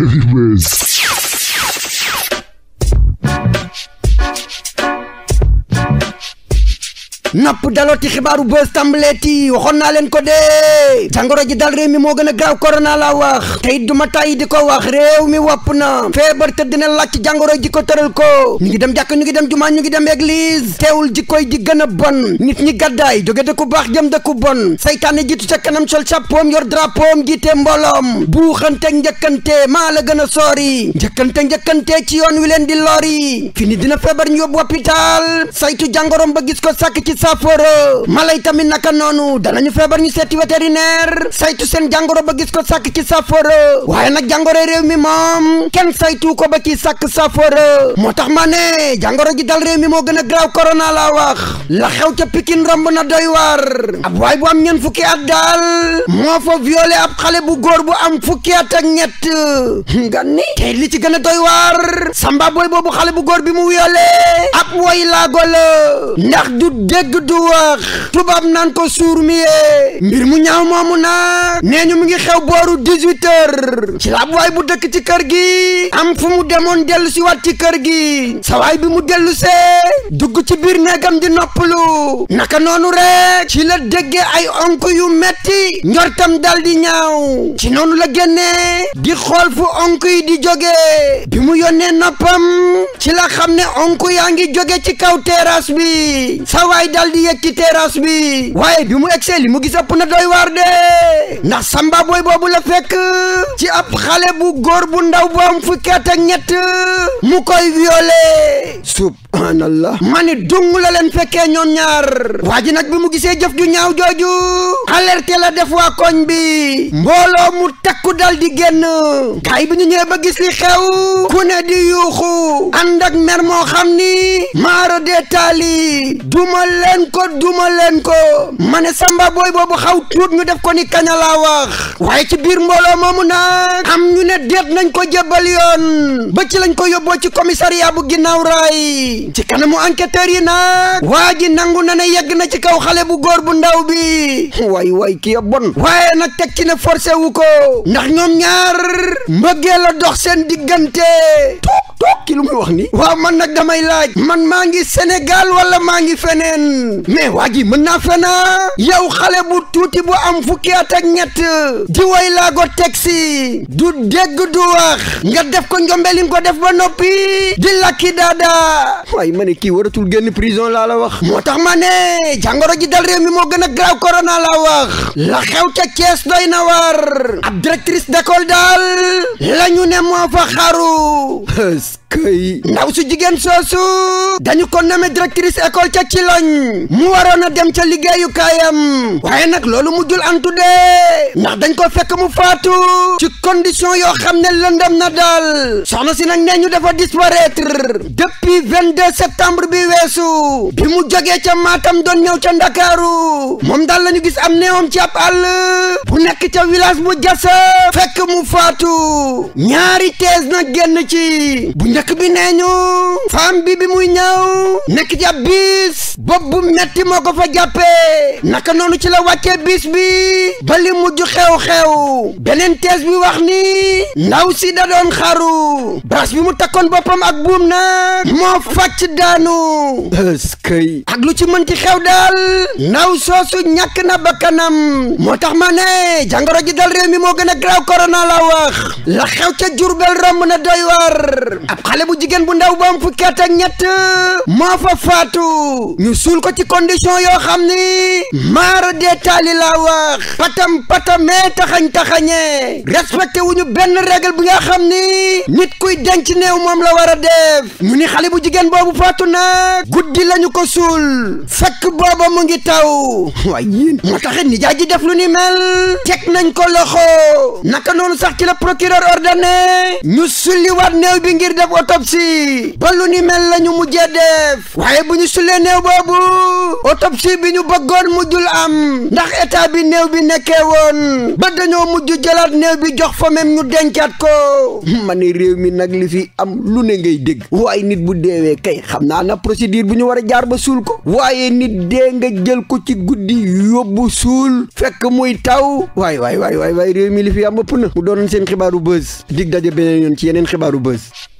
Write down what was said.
Anyways. napp dalooti xibaaru bës tàmbaleeti waxoon naa leen ko dee jàngoro ji dal réew mi moo gën a graaw korona la wax tey duma tàyyi di ko wax réew mi wapp na feebar te dina laaj jàngoro ji ko tëral ko ñu ngi dem jàkk ñu ngi dem jumaa ñu ngi dem église teewul ji koy di gën a bon nit ñi gàddaay jóge dëkku baax jëm dëkku bon saytaane jiitu ca kanam sol chapeau yor drapeau jiite mbooloom buuxante njëkkante maa la gën a soori njëkkante te ci yoon wi leen di lori fini dina feebar ñu yóbbu hôpital saytu jàngoroom ba gis ko sàkk saafara mala yi tamit naka noonu danañu feebar ñu seeti vétérinaire saytu seen jàngoro ba gis ko sàkk ci saafara waaye nag jàngoro réew mi moom kenn saytu ko ba ci sa saafara moo tax ma ne jàngoro ji dal réew mi moo gën a graaw corona la wax la xew ca Pikine romb na doy war ab waay bu am ñeent fukki at daal moo fa violé ab xale bu góor bu am fukki at ak ñett nga ni tey li ci gën a doy war samba booy bi mu violé ab woy laago la ndax du dégg dudd wax tubaab naan ko suur mi yee mbir mu ñaaw moomu nag nee ñu mu ngi xew booru 18 heures ci ab waay bu dëkk ci kër gi am fu mu demoon dellu si waat ci kër gi sa bi mu dellu see dugg ci biir néegam di noppalu naka noonu rek ci la déggee ay onk yu metti njortam dal di ñaaw ci noonu la génnee di xool fu onk yi di jógee bi mu yónnee noppam ci la xam ne onk yaa ngi jóge ci kaw terrasse bi sa dal daal di yegg ci terrasse bi waaye bi mu egsee li mu gis ëpp na doy waar de ndax samba boy boobu la fekk ci ab xale bu góor bu ndaw bu am fukki at ak ñett mu koy violé sup subhaanallah ma ni dung la leen fekkee ñoom ñaar waa ji nag bi mu gisee jëf ju ñaaw jooju alerte la def waa koñ bi mbooloo mu takku dal di génn gaay bi ñu ñëwee ba gis li xew ku ne di yuuxu ànd ak mer moo xam ni maara dee taali duma leen ko duma leen ko ma ne booy boobu xaw tuut ñu def ko ni kaña laa wax waaye ci biir mbooloo moomu nag am ñu ne déet nañ ko jébbal yoon ba ci lañ ko yóbboo ci commissariat bu ginnaaw raay ci kanamu enquêteurs yi nag waa ji nangu na ne yegg na ci kaw xale bu góor bu ndaw bi waay waay kii a bon waaye nag teg ci ne forcé wu ko ndax ñoom ñaar mbëggee dox seen diggante tuut tuut ki lu muy wax ni waaw man nag damay laaj man maa ngi Sénégal wala maa ngi feneen mais waa ji mën naa fena yow xale bu tuuti bu am fukki at ak ñett di way laa ko taxi du dégg du wax nga def ko njombelin ko def ba noppi di lakki daada waaye ma ne kii waratul génn prison laa la wax moo tax ma ne ji dal réew mi moo gën a graaw corona laa wax la xew ca Cees doy na war ab directrice d'école daal ne moo fa xaru këy ndaw su jigéen soosu dañu ko nommé directrice école ca ci loñ mu waroon a dem ca liggéeyu kaayam waaye nag loolu mujjul antu de ndax dañ ko fekk mu faatu ci condition yoo xam ne lëndëm na daal soxna si nag nee ñu dafa disparaître depuis 22 septembre bi weesu bi mu jógee ca Matam doon ñëw ca Ndakaaru moom daal la ñu gis am néewam ci ab àll bu nekk village bu jase fekk mu faatu ñaari tees na génn ci bu njëkk bi nee ñu femme bi bi muy ñëw nekk ci ab biis bopp bu metti moo ko fa jàppee naka noonu ci la wàccee biis bi ba li mujj xew-xew beneen tees bi wax ni naw si da xaru bras bi mu takkoon boppam ak buum nag moo fàcc daanu ëskëy ak lu ci mënti xew daal ndaw soosu ñàkk na bakkanam moo tax ma ne jàngoro ji dal réew mi moo gën a graaw corona la wax la xew ca Jurbel romb na doy war ab xale bu jigéen bu ndaw ba am fukki at ak ñett moo fa faatu ñu suul ko ci condition yoo xam ni maara dee taali la wax patam patamee taxañ taxañee respecté wu ñu benn règle bi nga xam ni nit kuy denc néew moom la war a def ñu ni xale bu jigéen boobu faatu nag guddi lañu ko suul fekk booba mu ngi taw moo taxit nijaay ji def lu ni mel nañ ko naka noonu sax ci la procureur ordonné ñu sulliwaat néew bi ngir def autopsie ba lu ni mel la ñu mujjee def waaye bu ñu sullee néew boobu autopsie bi ñu bëggoon mujjul am ndax état bi néew bi nekkee woon ba dañoo mujj jëlaat neew bi jox fa même ñu dencaat ko ma réew mi nag li fi am lu ne ngay dégg waaye nit bu deewee kay xam naa na procédure bu ñu war a jaar ba suul ko waaye nit dee nga jël ko ci guddi yóbbu suul fekk muy taw waay waay waay waay waay waay réew mi li fi am ëpp na mu doonoon seen xibaaru buzz dig daje beneen yoon ci yeneen xibaaru buzz